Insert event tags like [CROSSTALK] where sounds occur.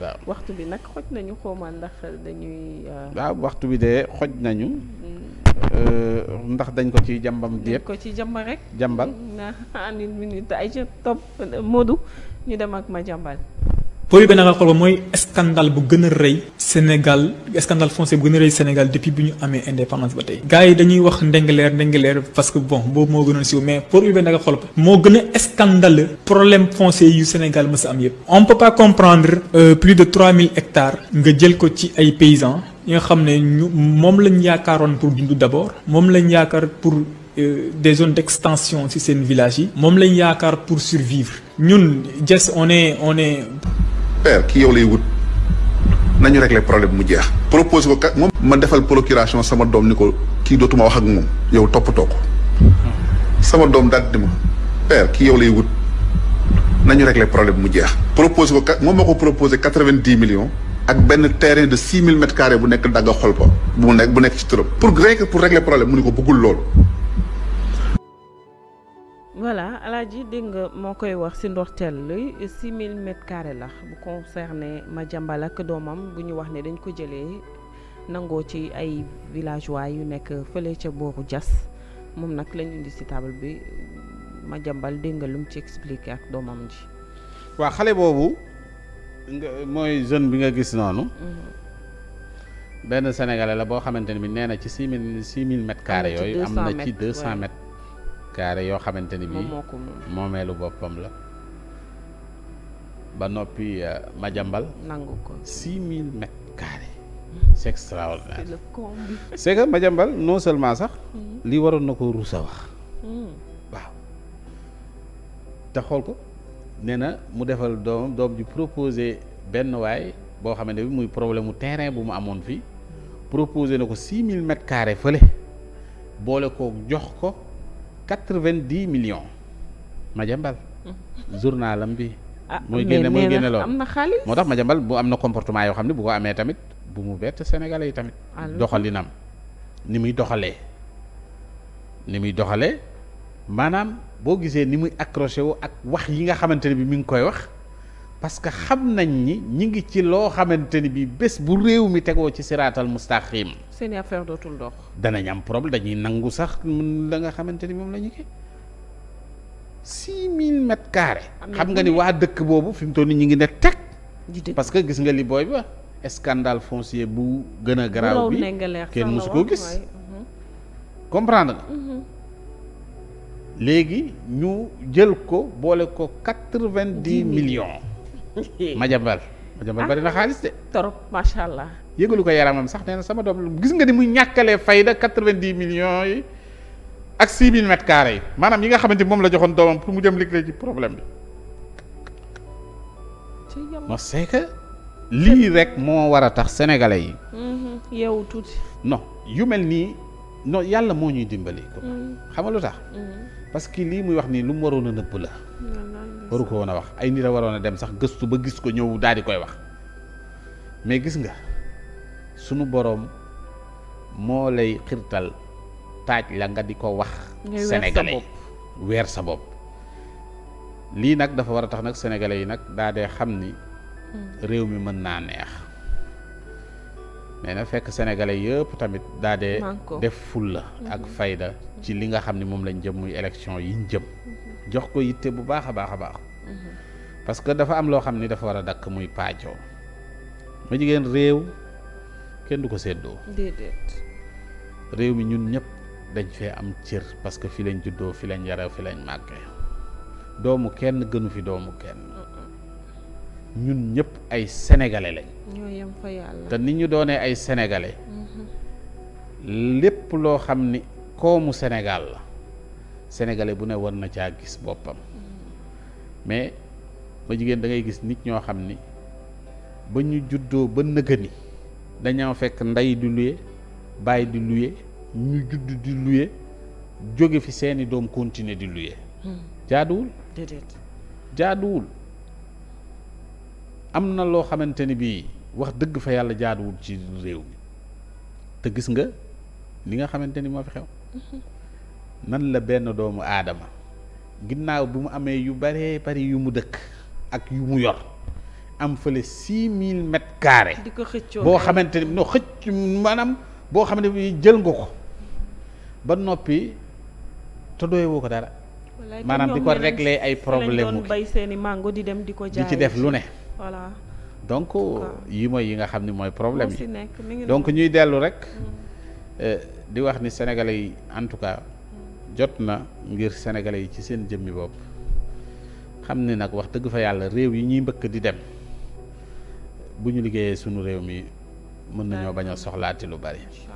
waaw waxtu bi nag xoj nañu xawma ndax dañuy. Euh, waaw waxtu bi de xoj nañu. Hmm. Euh, ndax dañ ko ci jàmbam déet ko ci jàmba rek. jàmbal na en une minute ay ca topp Modou ñu dem ak ma jàmbal. pour bi nag xool ba mooy scandale bu gën a rëy Sénégal scandale foncier bu gën a rëy Sénégal depuis bi ñu amee indépendance ba tey gars yi dañuy wax ndengaleer ndengaleer parce que bon boobu moo gënoon siiw mais projet bi nag xool ba moo gën a scandale problème foncier yu Sénégal mës a am yëpp on peut pas comprendre euh, plus de 3000 hectares nga jël ko ci ay paysans yi xam ne ñu moom lañ yaakaaroon pour dund d'abord moom lañ yaakaar pour euh, des zones d'extension ci seen village yi moom lañ yaakaar pour survivre ñun Diass on est père ki yow lay wut nañu régler problème mu jeex proposé ko moom ma defal procuration sama doom ni ko kii dootuma wax ak moom yow toppatoo ko sama doom daal di ma père ki yow lay wut nañu régler problème mu jeex proposé ko kat moom ma ko proposé quatre-vingt-dix millions ak benn terrain de six mille mètres carrés bu nekk dagga xol ko bu nekk bu nekk ci trop pour rien pour régler problème mu ni ko bëggul lool voilà alaaji dégg nga moo koy wax ci ndorteel li six mille mètres carrés la bu concerné Madiambal ak doomam bu ñu wax ne dañ ko jëlee nangoo ci ay villageois yu nekk fële ca booru Diass moom nag la ñu indi ci table bi ma dégg nga lu mu ci expliqué ak doomam ji. waa xale boobu nga mooy jeune bi nga gis noonu. Mm-hmm. benn sénégalais la boo xamante ne bi nee na ci six mille six mille mètres yooyu. am na ci deux carré yoo xamante ni bii moomeelu boppam la ba noppi euh, majambal nangu ko six mille mètres carrés hmm. c'est extraordinaire c'est que Madiambal non seulement sax hmm. li waroon na ko rusa wax hmm. waaw te xool ko nee na mu defal doomam doom ji proposé benn waay boo xamante bi muy problème mu terrain bu mu amoon fii proposé na ko six mille mètres carrés fële boole ko jox ko quatre-vingt-dix millions Madiambal hmm. journalam bi ah, mooy génne mooy génne loolu am na moo tax Madiambal bu am na comportement yoo xam ne bu ko amee tamit bu mu bett sénégalais yi tamit doxalinam ni muy doxalee ni muy doxalee maanaam boo gisee ni muy accroché wu ak wax yi nga xamante ne bi mi ngi koy wax parce que xam nañ ni ñi ngi ci loo xamante ni bi bés bu réew mi tegoo ci seraatal mustaqim seen affaire dootul dox danañ am problème dañuy nangu sax la nga xamante ni moom la ñu ki six mille mètres carrés xam nga ni waa dëkk boobu fi mu toll ni ñi ngi ne teg parce que gis nga li booy ba scandale foncier bu gën a garaaw bi kenn mosu koo gis mhm. comprendre nga mhm. léegi ñu jël ko boole ko quatre-vingt-dix millions Madiambal [LAUGHS] Madiambal bari na ah, xaalis de. torop macha allah. yëgalu ko yaramam sax nee na sama doom gis nga ni muy ñàkkalee fayda quatre-vingt-dix million yi ak six mille mètres carrés yi maanaam yi nga xamante moom la joxoon doomam pour mu dem liggéey ci problème bi. ma c'est lii rek moo war a tax sénégalais yi. Mm-hmm. yeewu tuuti. non yu mel nii non yàlla moo ñuy dimbali. Mm. xam nga lu tax. Mm. parce que lii muy wax nii lu mu waroon a nëbb la. Mm. waru ko woon a wax ay nit a waroon a dem sax gëstu ba gis ko ñëw daal di koy wax mais gis nga sunu boroom moo lay xirtal taaj la nga di ko wax sénégalais weer sa bopp lii nag dafa war a tax nag sénégalais yi nag daa dee xam ni hmm. réew mi mën naa neex mais na fekk sénégalais yëpp tamit daa dee def fulla ak hmm. fayda ci li nga xam ni moom lañ jëm muy élection yi jëm jox ko yitte bu baax a baax a baax. parce que dafa am loo xam ni dafa war a dakk muy paajoo ma jigéen réew kenn du ko seddoo déedéet. réew mi ñun ñëpp dañ fee am cër parce que fi lañ juddoo fi lañ yaroo fi lañ màggee doomu kenn gënu fi doomu kenn ñun ñëpp ay sénégalais lañ. te ni ñu doonee ay sénégalais. Mm-hmm. lépp loo xam ni koomu Sénégal la. sénégalais bu ne war na caa gis boppam mais ma jigéen da ngay gis nit ñoo xam ni ba ñu juddoo ba nëgë ni dañoo fekk ndey di luye bàyyi di luye ñu judd di luye jóge fi seeni doom continuer di luye hmm. jaaduwul jaaduwul am na loo xamante ni bii wax dëgg fa yàlla jaaduwul ci réew mi te gis nga li nga xamante ni moo fi xew hmm. nan la benn doomu aadama ginnaaw bi mu amee yu baree bari yu mu dëkk ak yu mu yor am fële six mille mètres carrés di ko xëccoo boo xamante ni no xëcc maanaam boo xam ne bi jël nga ko ba noppi te doyewoo ko dara maanaam di ko regle ay problème bay seeni mango di dem di ko jaay ci def lu ne voilà donc yi mooy yi nga xam ni mooy problème yi donc ñuy dellu rek mm. euh, di wax ni sénégalais yi en tout cas jot na ngir sénégalais yi ci seen jëmmi bopp xam ne nag wax dëgg fa yàlla réew yi ñuy mbëkk di dem bu ñu liggéeyee sunu réew mi mën nañoo bañ a soxlaati lu bari.